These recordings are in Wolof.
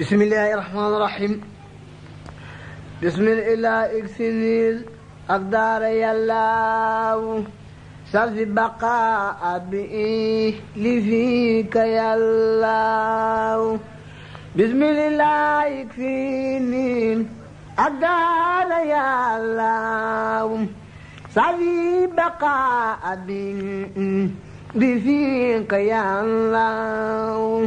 بسم الله الرحمن الرحيم بسم الله اكسنيل أقدار يلاو سلف بقاء بإيه لفيك يلاو بسم الله يكفيني أقدار يلاو سلف بقاء بإيه لفيك يلاو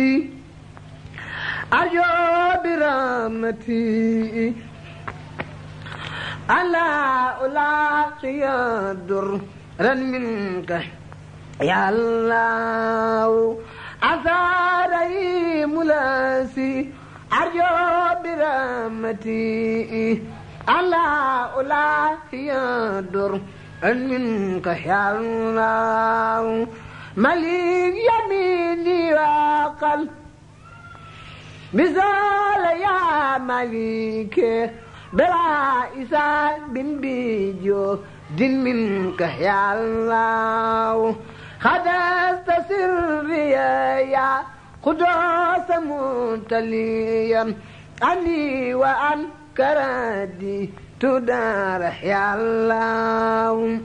برحمتي أيا برحمتي ألا ألاقي درا منك يا الله أزاري ملاسي أرجو برحمتي ألا ألاقي درا منك يا الله مليك يميني وقل مثال يا مليك بلا إسان بن بيجو دين منك يا الله خدست سري يا قدوس متليا أني وأن كردي تدار يا الله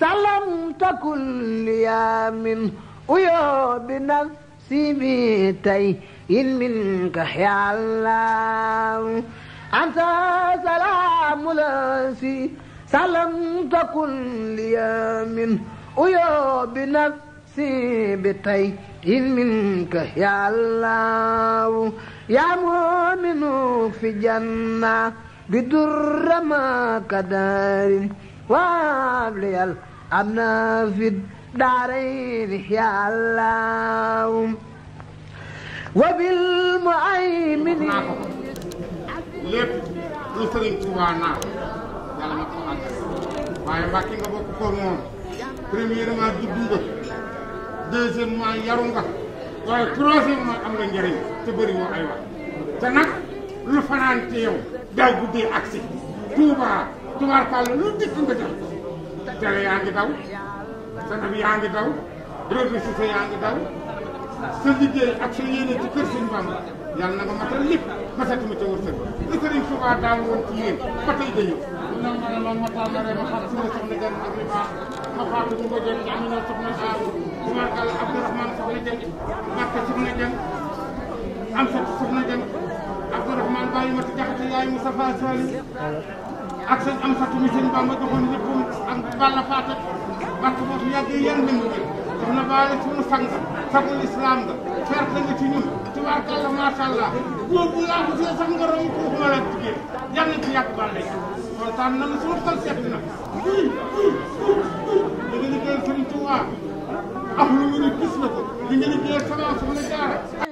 سلم تكن لي من ويوب نفسي بيتي منك يا الله أنت سلام لاسي سلم تكن لي من ويوب نفسي بيتي منك يا الله يا مؤمن في جنة بدر ما كدار وابلي الأمن في الدارين يا الله وبالمؤمنين lépp lu Sëriñ Tuubaa naa yàlla ma ko àgg waaye Mbàkke nga bokk ko moom premièrement juddu nga deuxièmement yaru nga waaye troisièmement am nga njëriñ te bëri woo ay wax te nag lu fanaan ci yow daa guddee agsi Tuubaa tubaarkàlla lu dikk nga def télé yaa ngi daw sanam yaa ngi daw réseaux sociaux yaa ngi daw sa liggéey ak sa yéene ci kër Sëñ Bamba yàlla na nga matal lépp masatuma ca wërsëg li Sëriñ Tuubaa daan woon ci yéen ba tey day yow nam ma ne ma ma tàmbale ma xam suma soxna gan ak li baax ma faatu ñu ko jël ci amina soxna aawu tubaarkàlla Abdourahmane soxna jëm Barka soxna jëm am sa soxna jëm Abdourahmane bàyyi ma ci jaxate yaay Moussa Fall Sali ak sëñ am sa tumi sëñ Bamba joxoon léppam ak Balla Faate barke sunu sang sagul islam nga ferte nga ci ñun ci warkalla macha allah boobu laa ko see sax nga romb kooku ma la jigéen yal nañ ci yàgg Balla yi kontaan nañu sunu xol seet na ii da nga liggéeyal sëriñ Tuubaa am lu mu ne gis na ko li nga liggéeyal sama soxna Jaara